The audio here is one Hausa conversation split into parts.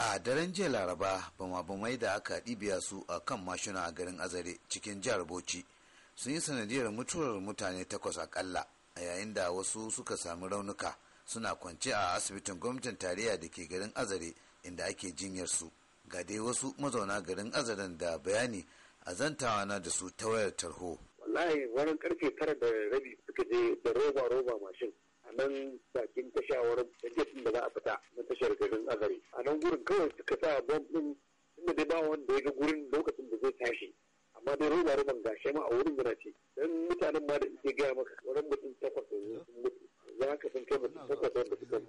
a daren jiya laraba bamabamai da aka ɗibiya su a kan mashina a garin azare cikin jihar bauchi sun yi sanadiyar mutuwar mutane takwas akalla a yayin da wasu suka sami raunuka suna kwance a asibitin gwamnatin tarayya da ke garin azare inda ake jinyar su ga dai wasu mazauna garin azaren da bayani a zantawa na da su ta wayar tarho wallahi wani karfe tara da rabi suka je da roba roba mashin a nan bakin tashawar da da za a fita na tashar garin azari. a nan gurin kawai suka sa bom din inda dai ba wanda ya ga gurin lokacin da zai tashi amma dai roba roban ga ma a wurin yana ce dan mutanen ma da suke gaya maka wurin mutum takwas sun mutu za ka san kai mutum takwas wanda suka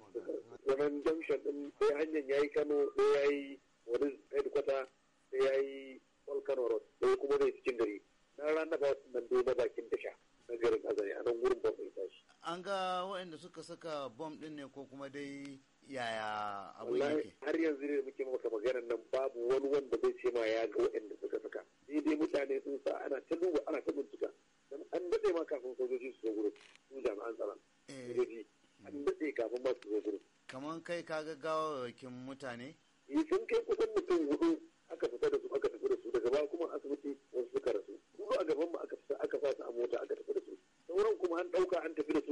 Wannan junction din sai hanyar yayi Kano sai yayi wani headquarter sai yayi Volcano Road sai kuma zai cikin gari. na ranar ba nan dai na bakin tasha na garin azari. a nan wurin ba tashi an ga waɗanda suka saka bom ɗin ne ko kuma dai yaya abu yake har yanzu ne muke maka maganar nan babu wani wanda zai ce ma ya ga waɗanda suka saka sai dai mutane sun sa ana ta duba ana ta bincika dan an daɗe ma kafin sojoji su zo gurin su jami'an tsaron eh. sojoji an daɗe kafin ba su zo gurin kamar kai ka ga gawawakin mutane eh, sun kai kusan mutum hudu aka fita da su aka tafi da su daga baya kuma asibiti wasu suka rasu hudu a gaban mu aka fita aka fasa a mota aka tafi da su sauran kuma an ɗauka an tafi da su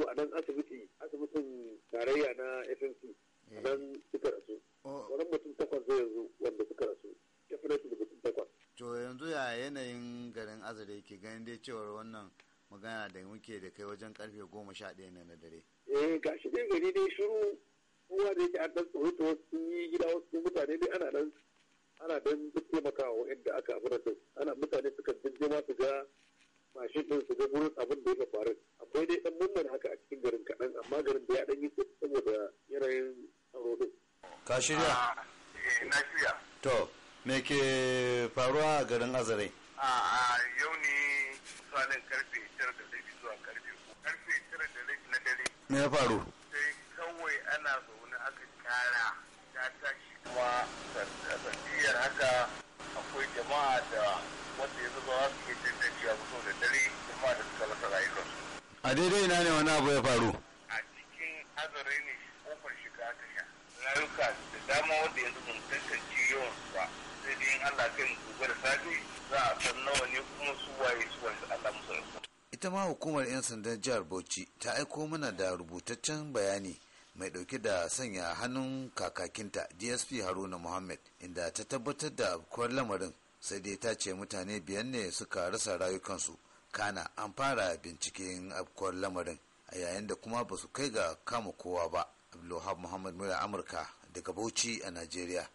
yanayin garin azare ke ganin dai cewar wannan magana da muke da kai wajen karfe goma sha ɗaya na dare. eh ga shi dai gari dai shiru kowa da yake an tsoro ta wasu sun yi gida wasu sun mutane dai ana dan ana dan taimakawa inda aka abu da ana mutane suka jinjima su ga mashin din su ga gurin abin da ya faru akwai dai dan murnar haka a cikin garin kaɗan amma garin da ya dan yi saboda yanayin tsaro ka shirya. Ah, eh, na shirya. to. me ke faruwa a garin azare a yau ne tsanin karfe 9 da rabi zuwa karfe karfe 9 da rabi na dare me ya faru sai kawai ana zaune aka kara ta tashi kuma sanadiyar haka akwai jama'a da wanda ya zuba wasu ke jin da jiya da dare jama'a da suka rasa rayuwarsu a daidai ina ne wani abu ya faru shine kofar shiga ta sha rayuka da dama wanda yanzu mun tantance yawan ba sai dai in Allah kai mu gobe da safe za a san nawa ne kuma su waye su wanda Allah musu ita ma hukumar 'yan sandan jihar bauchi ta aiko mana da rubutaccen bayani mai dauke da sanya hannun kakakinta dsp haruna muhammad inda ta tabbatar da afkuwar lamarin sai dai ta ce mutane biyan ne suka rasa rayukansu kana an fara binciken afkuwar lamarin a yayin da kuma ba su kai ga kama kowa ba abdulwahab muhammad mura amurka daga bauchi a nigeria.